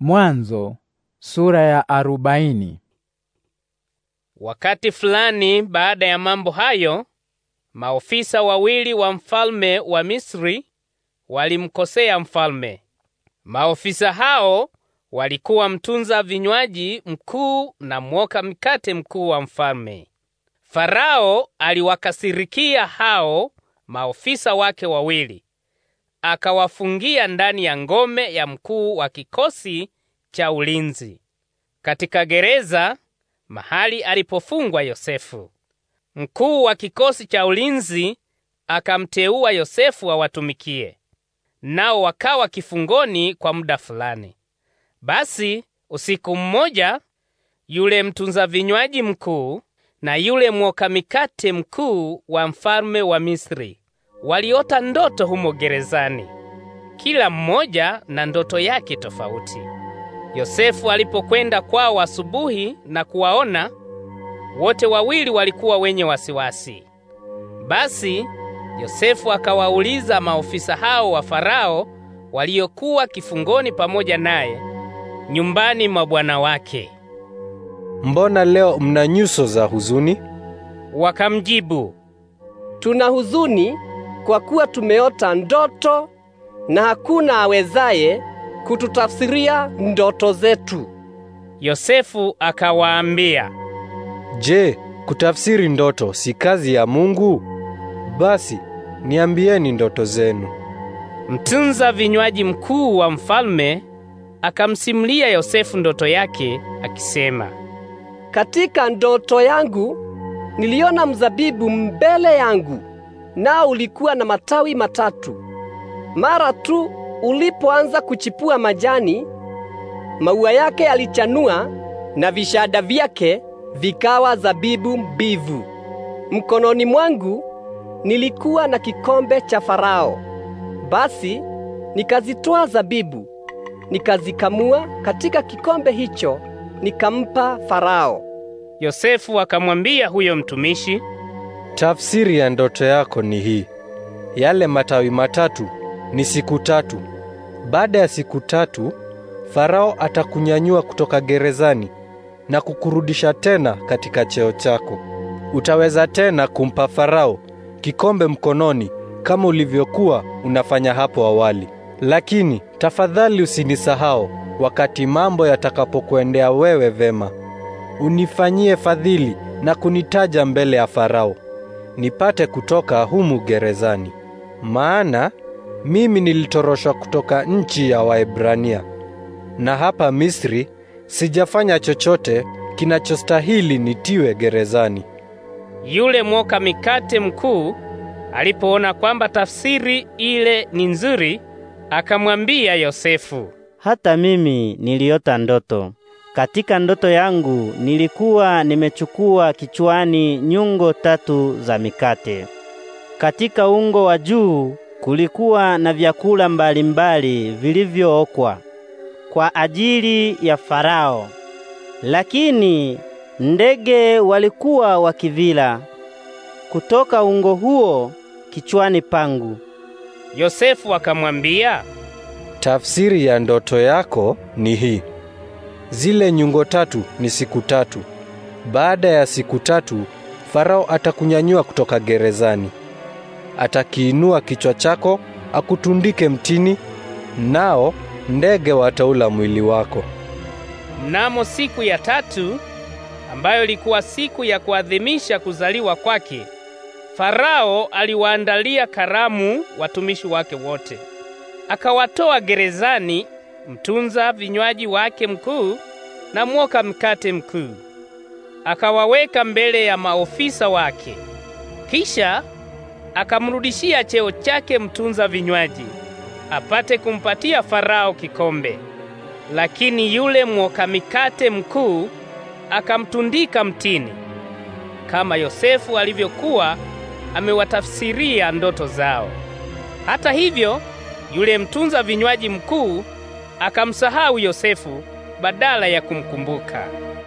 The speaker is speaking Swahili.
Mwanzo sura ya arobaini. Wakati fulani baada ya mambo hayo, maofisa wawili wa mfalme wa Misri walimkosea mfalme. Maofisa hao walikuwa mtunza vinywaji mkuu na mwoka mikate mkuu wa mfalme. Farao aliwakasirikia hao maofisa wake wawili akawafungia ndani ya ngome ya mkuu wa kikosi cha ulinzi katika gereza, mahali alipofungwa Yosefu. Mkuu wa kikosi cha ulinzi akamteua Yosefu awatumikie, nao wakawa kifungoni kwa muda fulani. Basi usiku mmoja, yule mtunza vinywaji mkuu na yule mwoka mikate mkuu wa mfalme wa Misri waliota ndoto humo gerezani, kila mmoja na ndoto yake tofauti. Yosefu alipokwenda kwao asubuhi na kuwaona wote wawili, walikuwa wenye wasiwasi. Basi Yosefu akawauliza maofisa hao wa Farao waliokuwa kifungoni pamoja naye nyumbani mwa bwana wake, mbona leo mna nyuso za huzuni? Wakamjibu, tuna huzuni kwa kuwa tumeota ndoto na hakuna awezaye kututafsiria ndoto zetu. Yosefu akawaambia, Je, kutafsiri ndoto si kazi ya Mungu? Basi niambieni ndoto zenu. Mtunza vinywaji mkuu wa mfalme akamsimulia Yosefu ndoto yake akisema, katika ndoto yangu niliona mzabibu mbele yangu nao ulikuwa na matawi matatu. Mara tu ulipoanza kuchipua majani, maua yake yalichanua na vishada vyake vikawa zabibu mbivu. Mkononi mwangu nilikuwa na kikombe cha Farao. Basi nikazitoa zabibu, nikazikamua katika kikombe hicho, nikampa Farao. Yosefu akamwambia huyo mtumishi, Tafsiri ya ndoto yako ni hii: yale matawi matatu ni siku tatu. Baada ya siku tatu, Farao atakunyanyua kutoka gerezani na kukurudisha tena katika cheo chako. Utaweza tena kumpa Farao kikombe mkononi kama ulivyokuwa unafanya hapo awali. Lakini tafadhali usinisahau wakati mambo yatakapokuendea wewe vema. Unifanyie fadhili na kunitaja mbele ya Farao nipate kutoka humu gerezani, maana mimi nilitoroshwa kutoka nchi ya Waebrania, na hapa Misri sijafanya chochote kinachostahili nitiwe gerezani. Yule mwoka mikate mkuu alipoona kwamba tafsiri ile ni nzuri, akamwambia Yosefu, hata mimi niliota ndoto katika ndoto yangu nilikuwa nimechukua kichwani nyungo tatu za mikate. Katika ungo wa juu kulikuwa na vyakula mbalimbali vilivyookwa kwa ajili ya Farao, lakini ndege walikuwa wakivila kutoka ungo huo kichwani pangu. Yosefu akamwambia, tafsiri ya ndoto yako ni hii Zile nyungo tatu ni siku tatu. Baada ya siku tatu, Farao atakunyanyua kutoka gerezani. Atakiinua kichwa chako akutundike mtini, nao ndege wataula mwili wako. Mnamo siku ya tatu, ambayo ilikuwa siku ya kuadhimisha kuzaliwa kwake, Farao aliwaandalia karamu watumishi wake wote, akawatoa gerezani mtunza vinywaji wake mkuu na mwoka mkate mkuu. Akawaweka mbele ya maofisa wake, kisha akamrudishia cheo chake mtunza vinywaji, apate kumpatia Farao kikombe. Lakini yule mwoka mikate mkuu akamtundika mtini, kama Yosefu alivyokuwa amewatafsiria ndoto zao. Hata hivyo, yule mtunza vinywaji mkuu akamsahau Yosefu badala ya kumkumbuka.